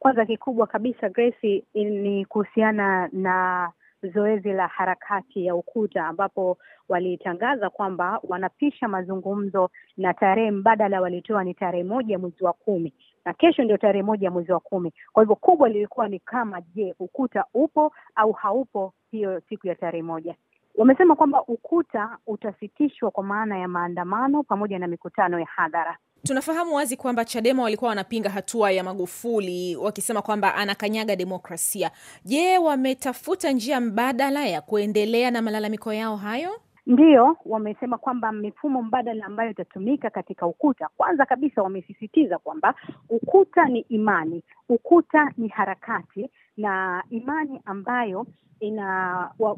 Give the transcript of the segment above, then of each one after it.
Kwanza kikubwa kabisa Grace, ni kuhusiana na zoezi la harakati ya Ukuta ambapo walitangaza kwamba wanapisha mazungumzo na tarehe mbadala walitoa ni tarehe moja mwezi wa kumi na kesho ndio tarehe moja mwezi wa kumi. Kwa hivyo kubwa lilikuwa ni kama je, Ukuta upo au haupo hiyo siku ya tarehe moja. Wamesema kwamba ukuta utasitishwa kwa maana ya maandamano pamoja na mikutano ya hadhara. Tunafahamu wazi kwamba Chadema walikuwa wanapinga hatua ya Magufuli wakisema kwamba anakanyaga demokrasia. Je, wametafuta njia mbadala ya kuendelea na malalamiko yao hayo? Ndiyo, wamesema kwamba mifumo mbadala ambayo itatumika katika ukuta, kwanza kabisa wamesisitiza kwamba ukuta ni imani, ukuta ni harakati na imani ambayo ina wa,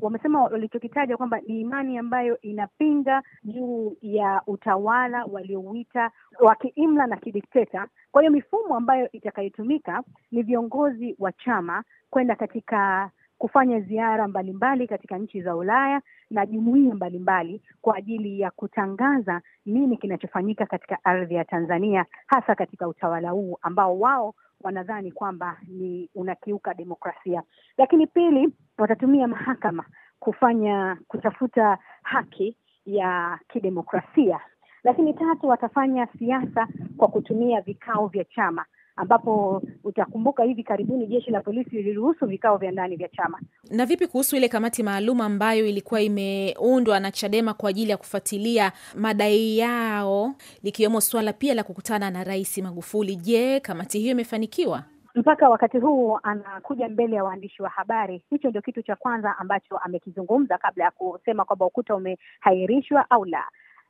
walichokitaja kwamba ni imani ambayo inapinga juu ya utawala waliouita wa kiimla na kidikteta. Kwa hiyo mifumo ambayo itakayotumika ni viongozi wa chama kwenda katika kufanya ziara mbalimbali katika nchi za Ulaya na jumuia mbalimbali kwa ajili ya kutangaza nini kinachofanyika katika ardhi ya Tanzania, hasa katika utawala huu ambao wao wanadhani kwamba ni unakiuka demokrasia. Lakini pili, watatumia mahakama kufanya kutafuta haki ya kidemokrasia. Lakini tatu, watafanya siasa kwa kutumia vikao vya chama ambapo utakumbuka hivi karibuni jeshi la polisi liliruhusu vikao vya ndani vya chama. Na vipi kuhusu ile kamati maalum ambayo ilikuwa imeundwa na Chadema kwa ajili ya kufuatilia madai yao likiwemo suala pia la kukutana na Rais Magufuli? Je, kamati hiyo imefanikiwa? Mpaka wakati huu anakuja mbele ya waandishi wa habari. Hicho ndio kitu cha kwanza ambacho amekizungumza kabla ya kusema kwamba ukuta umehairishwa au la.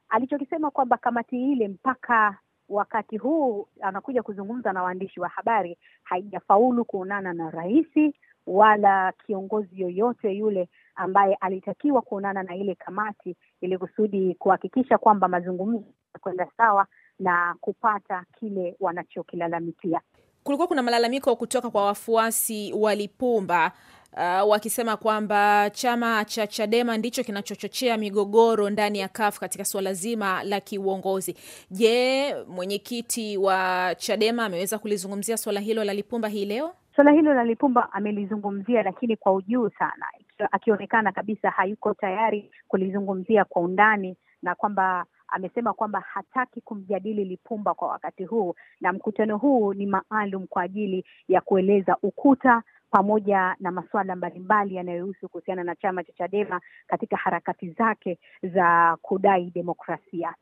Alichokisema kwamba kamati ile mpaka wakati huu anakuja kuzungumza na waandishi wa habari, haijafaulu kuonana na rais wala kiongozi yoyote yule ambaye alitakiwa kuonana na ile kamati ili kusudi kuhakikisha kwamba mazungumzo yanakwenda sawa na kupata kile wanachokilalamikia. Kulikuwa kuna malalamiko kutoka kwa wafuasi wa Lipumba uh, wakisema kwamba chama cha Chadema ndicho kinachochochea migogoro ndani ya CUF katika suala zima la kiuongozi. Je, mwenyekiti wa Chadema ameweza kulizungumzia suala hilo la Lipumba hii leo? Suala hilo la Lipumba amelizungumzia, lakini kwa ujuu sana, akionekana kabisa hayuko tayari kulizungumzia kwa undani na kwamba amesema kwamba hataki kumjadili Lipumba kwa wakati huu, na mkutano huu ni maalum kwa ajili ya kueleza ukuta pamoja na masuala mbalimbali yanayohusu kuhusiana na chama cha Chadema katika harakati zake za kudai demokrasia.